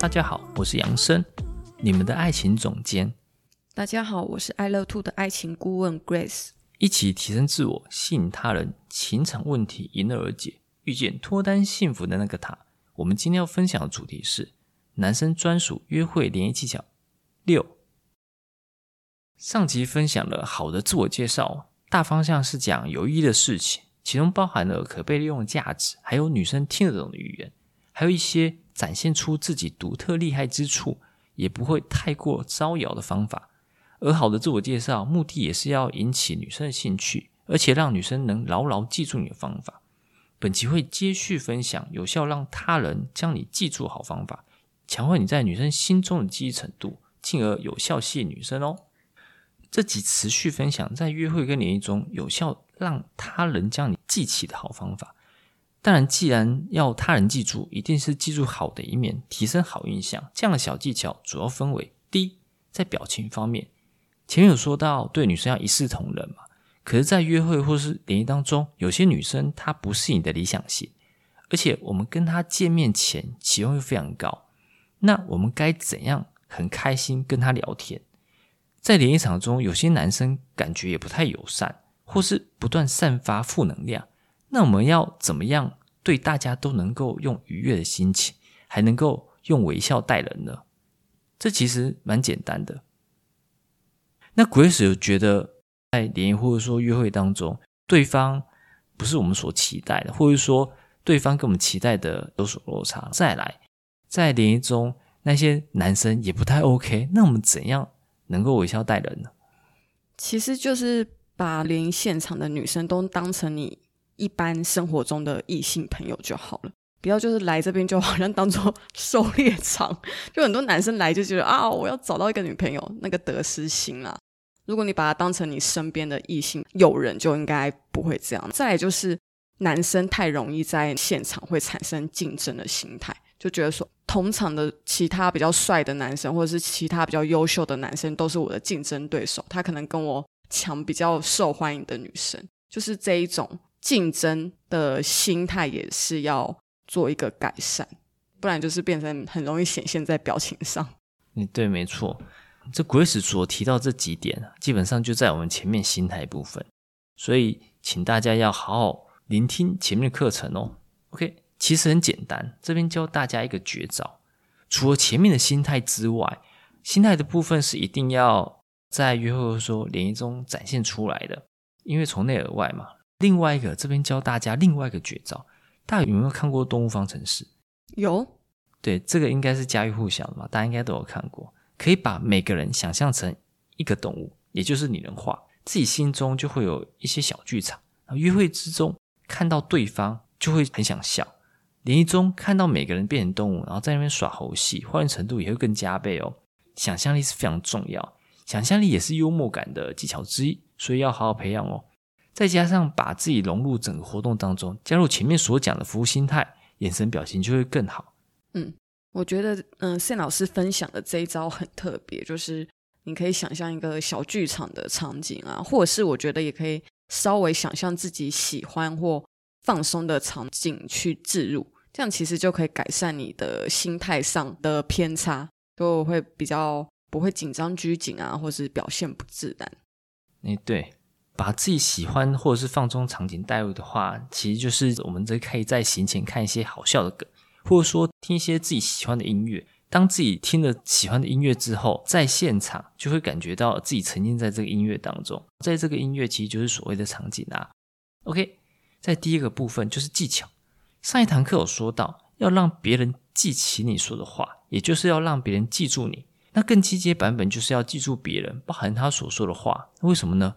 大家好，我是 Sam，你們的愛情總監。大家好，我是愛樂 Two 的愛情顧問 Grace。一起提升自我，吸引他人，情場問題迎刃而解，遇見脫單幸福的那個他。我們今天要分享的主題是男生專屬約會聯誼技巧六。上集分享了好的自我介紹，大方向是講有意義的事情，其中包含了可被利用的價值，還有女生聽得懂的語言，還有一些。展現出自己獨特厲害之處，也不會太過招搖的方法。而好的自我介紹目的也是要引起女生的興趣，而且讓女生能牢牢記住你的方法。本集會接續分享有效讓他人將你記住好方法，強化你在女生心中的記憶程度，進而有效吸引女生哦。這集持續分享在約會跟聯誼中有效讓他人將你記起的好方法。當然，既然要他人記住，一定是記住好的一面，提升好印象。這樣的小技巧主要分為：第一，在表情方面，前面有說到，對女生要一視同仁嘛。可是，在約會或是聯誼當中，有些女生她不是你的理想型，而且我們跟她見面前期望又非常高，那我們該怎樣很開心跟她聊天？在聯誼場中，有些男生感覺也不太友善，或是不斷散發負能量。那我們要怎麼樣對大家都能夠用愉悅的心情，還能夠用微笑待人呢？這其實蠻簡單的。那 Grace 有覺得在聯誼或者說約會當中，對方不是我們所期待的，或者說對方跟我們期待的有所落差。再來，在聯誼中那些男生也不太 OK，那我們怎樣能夠微笑待人呢？其實就是把聯誼現場的女生都當成你。一般生活中的異性朋友就好了，不要就是來這邊就好像當做狩獵場，就很多男生來就覺得啊，我要找到一個女朋友，那個得失心啊。如果你把她當成你身邊的異性友人，就應該不會這樣。再來就是男生太容易在現場會產生競爭的心態，就覺得說同場的其他比較帥的男生，或者是其他比較優秀的男生都是我的競爭對手，他可能跟我搶比較受歡迎的女生，就是這一種。競爭的心態也是要做一個改善，不然就是變成很容易顯現在表情上。嗯，對，沒錯。這 Grace 所提到這幾點，基本上就在我們前面心態部分。所以，請大家要好好聆聽前面的課程哦。OK，其實很簡單，這邊教大家一個絕招。除了前面的心態之外，心態的部分是一定要在約會或說聯誼中展現出來的，因為從內而外嘛。另外一個，這邊教大家另外一個絕招。大家有沒有看過《動物方城市》？有。對，這個應該是家喻戶曉的嘛，大家應該都有看過。可以把每個人想象成一個動物，也就是擬人化，自己心中就會有一些小劇場。然後約會之中看到對方就會很想笑，聯誼中看到每個人變成動物，然後在那邊耍猴戲，歡樂程度也會更加倍哦。想象力是非常重要，想象力也是幽默感的技巧之一，所以要好好培養哦。再加上把自己融入整個活動當中，加入前面所講的服務心態，眼神表情就會更好。嗯，我覺得，嗯、呃，Sam 老師分享的這一招很特別，就是你可以想象一個小劇場的場景啊，或者是我覺得也可以稍微想象自己喜歡或放鬆的場景去置入，這樣其實就可以改善你的心態上的偏差，都會比較不會緊張拘謹啊，或是表現不自然。嗯、欸，對。把自己喜歡或者是放鬆場景帶入的話，其實就是我們這可以在行前看一些好笑的梗，或者說聽一些自己喜歡的音樂。當自己聽了喜歡的音樂之後，在現場就會感覺到自己沉浸在這個音樂當中，在這個音樂其實就是所謂的場景啊。OK，在第一個部分就是技巧。上一堂課有說到，要讓別人記起你說的話，也就是要讓別人記住你。那更進階版本就是要記住別人，包含他所說的話。為什麼呢？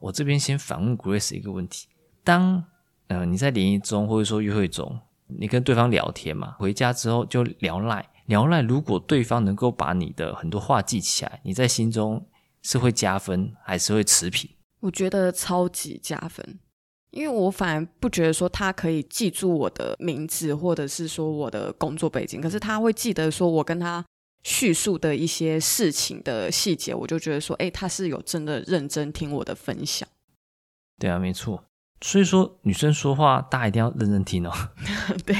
我這邊先反問 Grace 一個問題：當呃你在聯誼中或者說約會中，你跟對方聊天嘛，回家之後就聊 Line 聊 Line，如果對方能夠把你的很多話記起來，你在心中是會加分還是會持平？我覺得超級加分，因為我反而不覺得說他可以記住我的名字或者是說我的工作背景，可是他會記得說我跟他。敘述的一些事情的細節，我就覺得說，哎、欸，他是有真的認真聽我的分享。對啊，沒錯。所以說，女生說話，大家一定要認真聽哦。 對，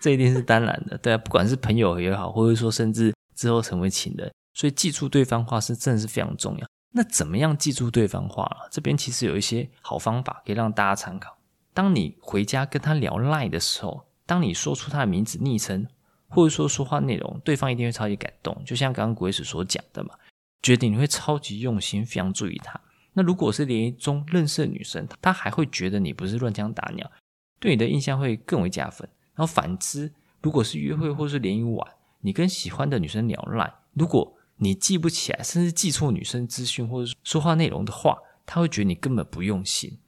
這一定是當然的。對啊，不管是朋友也好，或者說甚至之後成為情人，所以記住對方話是真的是非常重要。那怎麼樣記住對方話呢？這邊其實有一些好方法可以讓大家參考。當你回家跟他聊 LINE 的時候，當你說出他的名字昵稱。或者說說話內容，對方一定會超級感動，就像剛剛 Grace 所講的嘛，覺得你會超級用心，非常注意他。那如果是聯誼中認識的女生，她還會覺得你不是亂槍打鳥，對你的印象會更為加分。然後反之，如果是約會或是聯誼完，你跟喜歡的女生聊賴，如果你記不起來，甚至記錯女生資訊或者說話內容的話，她會覺得你根本不用心。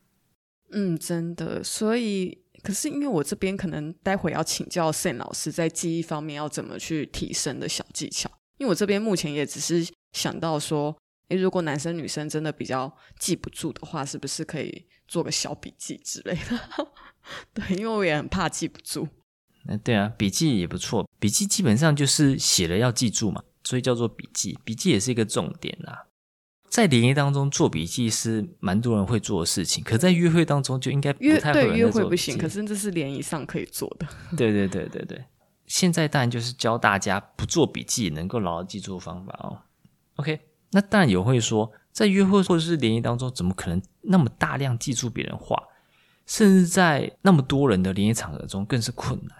嗯，真的，所以。可是因為我這邊可能待會要請教 Sam 老師在記憶方面要怎麼去提升的小技巧，因為我這邊目前也只是想到說，誒，如果男生女生真的比較記不住的話，是不是可以做個小筆記之類的？ 對，因為我也很怕記不住。嗯、呃，對啊，筆記也不錯，筆記基本上就是寫了要記住嘛，所以叫做筆記，筆記也是一個重點啊。在聯誼當中做筆記是蠻多人會做的事情，可在約會當中就應該不太會有人做筆記。約，對，約會不行，可是這是聯誼上可以做的。 對對對對對，現在當然就是教大家不做筆記能夠牢牢記住的方法哦。OK，那當然也會說，在約會或者是聯誼當中，怎麼可能那麼大量記住別人話？甚至在那麼多人的聯誼場合中更是困難，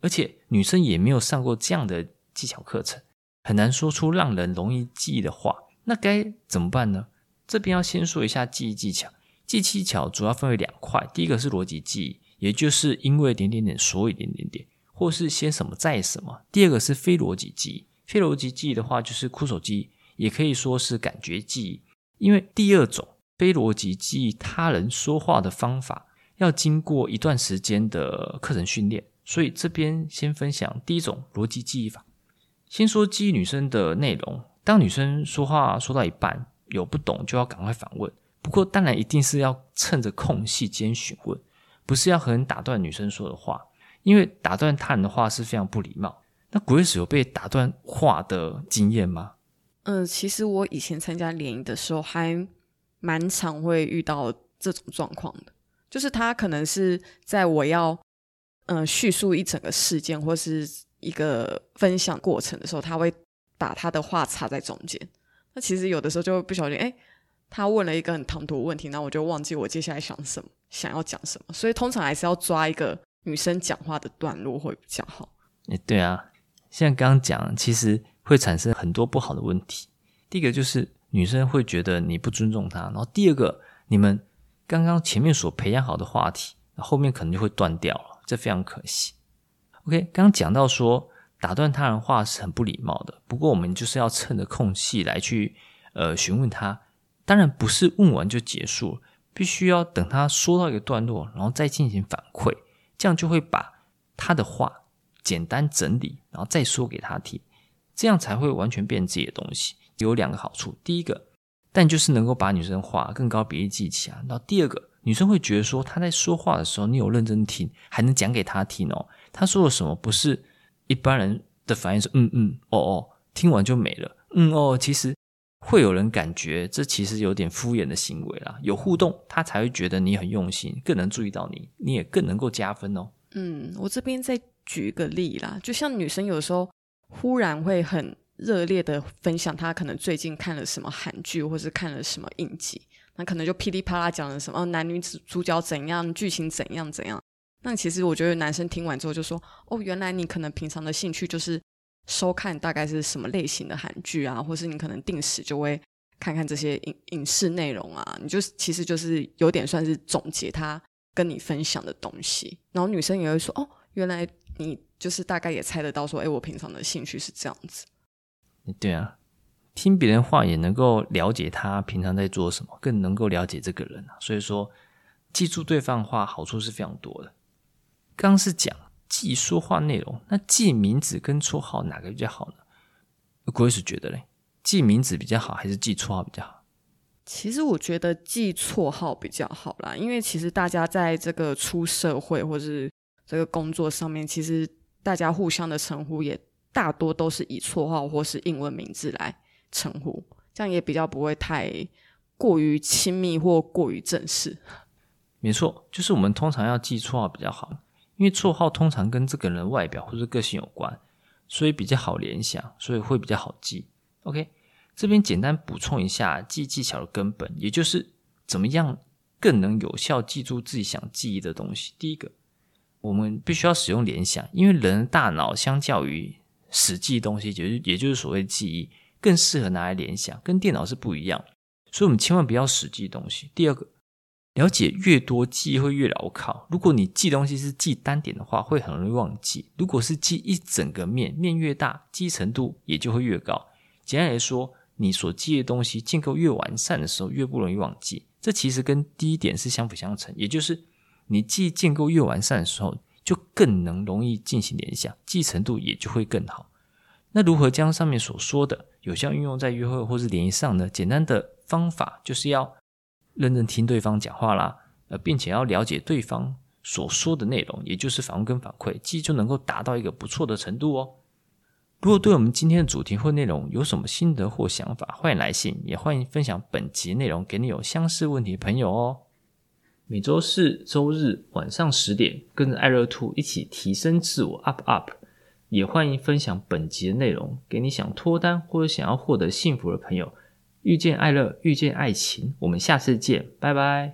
而且女生也沒有上過這樣的技巧課程，很難說出讓人容易記憶的話。那該怎麼辦呢？這邊要先說一下記憶技巧。記憶技巧主要分為兩塊，第一個是邏輯記憶，也就是因為點點點所以點點點，或是先什麼再什麼。第二個是非邏輯記憶，非邏輯記憶的話就是哭手機，也可以說是感覺記憶。因為第二種非邏輯記憶，他人說話的方法要經過一段時間的課程訓練，所以這邊先分享第一種邏輯記憶法。先說記憶女生的內容。當女生說話說到一半，有不懂就要趕快反問。不過當然一定是要趁着空隙間詢問，不是要很打斷女生說的話，因為打斷他人的話是非常不禮貌。那 Grace 有被打斷話的經驗嗎？嗯、呃，其實我以前參加聯誼的時候，還蠻常會遇到這種狀況的，就是他可能是在我要嗯、呃、敘述一整個事件或是一個分享過程的時候，他會。把他的話插在中間，那其實有的時候就不小心，哎，他問了一個很唐突的問題，那我就忘記我接下來想什麼，想要講什麼，所以通常還是要抓一個女生講話的段落會比較好。哎、欸，對啊，現在剛剛講其實會產生很多不好的問題。第一個就是女生會覺得你不尊重她，然後第二個，你們剛剛前面所培養好的話題，後面可能就會斷掉了，這非常可惜。OK，剛剛講到說。打斷他人話是很不禮貌的。不過我們就是要趁着空隙來去，呃，詢問他。當然不是問完就結束，必須要等他說到一個段落，然後再進行反饋。這樣就會把他的話簡單整理，然後再說給他聽。這樣才會完全變自己的東西。有兩個好處：第一個，但就是能夠把女生話更高比例記起來啊，然後第二個，女生會覺得說她在說話的時候，你有認真聽，還能講給她聽哦。他說了什麼？不是。一般人的反應是嗯嗯哦哦，聽完就沒了。嗯哦，其實會有人感覺這其實有點敷衍的行為啦。有互動，他才會覺得你很用心，更能注意到你，你也更能夠加分哦。嗯，我這邊再舉一個例啦，就像女生有時候忽然會很熱烈的分享她可能最近看了什麼韓劇，或是看了什麼影集，那可能就噼里啪啦講了什麼，哦，男女主主角怎樣，劇情怎樣怎樣。那其實我覺得男生聽完之後就說：“哦，原來你可能平常的興趣就是收看大概是什麼類型的韓劇啊，或是你可能定時就會看看這些影影視內容啊。”你就其實就是有點算是總結他跟你分享的東西。然後女生也會說：“哦，原來你就是大概也猜得到說，哎，我平常的興趣是這樣子。”對啊，聽別人話也能夠了解他平常在做什麼，更能夠了解這個人啊。所以說，記住對方話好處是非常多的。剛，剛是講記說話內容，那記名字跟綽號哪個比較好呢？我也是覺得嘞，記名字比較好還是記綽號比較好？其實我覺得記綽號比較好啦，因為其實大家在這個出社會或是這個工作上面，其實大家互相的稱呼也大多都是以綽號或是英文名字來稱呼，這樣也比較不會太過於親密或過於正式。沒錯，就是我們通常要記綽號比較好。因為綽號通常跟這個人的外表或者個性有關，所以比較好聯想，所以會比較好記。OK，這邊簡單補充一下記憶技巧的根本，也就是怎麼樣更能有效記住自己想記憶的東西。第一個，我們必須要使用聯想，因為人的大腦相較於死記東西，也就是也就是所謂記憶，更適合拿來聯想，跟電腦是不一樣。所以，我們千萬不要死記東西。第二個。了解越多，記憶會越牢靠。如果你記東西是記單點的話，會很容易忘記；如果是記一整個面，面越大，記憶程度也就會越高。簡單來說，你所記的東西建構越完善的時候，越不容易忘記。這其實跟第一點是相輔相成，也就是你記憶建構越完善的時候，就更能容易進行聯想，記憶程度也就會更好。那如何將上面所說的有效運用在約會或是聯誼上呢？簡單的方法就是要認真聽對方講話啦，呃，並且要了解對方所說的內容，也就是反問跟反饋，記憶就能夠達到一個不錯的程度哦。如果對我們今天的主題或內容有什麼心得或想法，歡迎來信，也歡迎分享本集內容給你有相似問題的朋友哦。每周四周日晚上十點，跟着愛樂 Two 一起提升自我，up up。也歡迎分享本集的內容給你想脫單或者想要獲得幸福的朋友。遇見愛樂，遇見愛情，我們下次見，拜拜。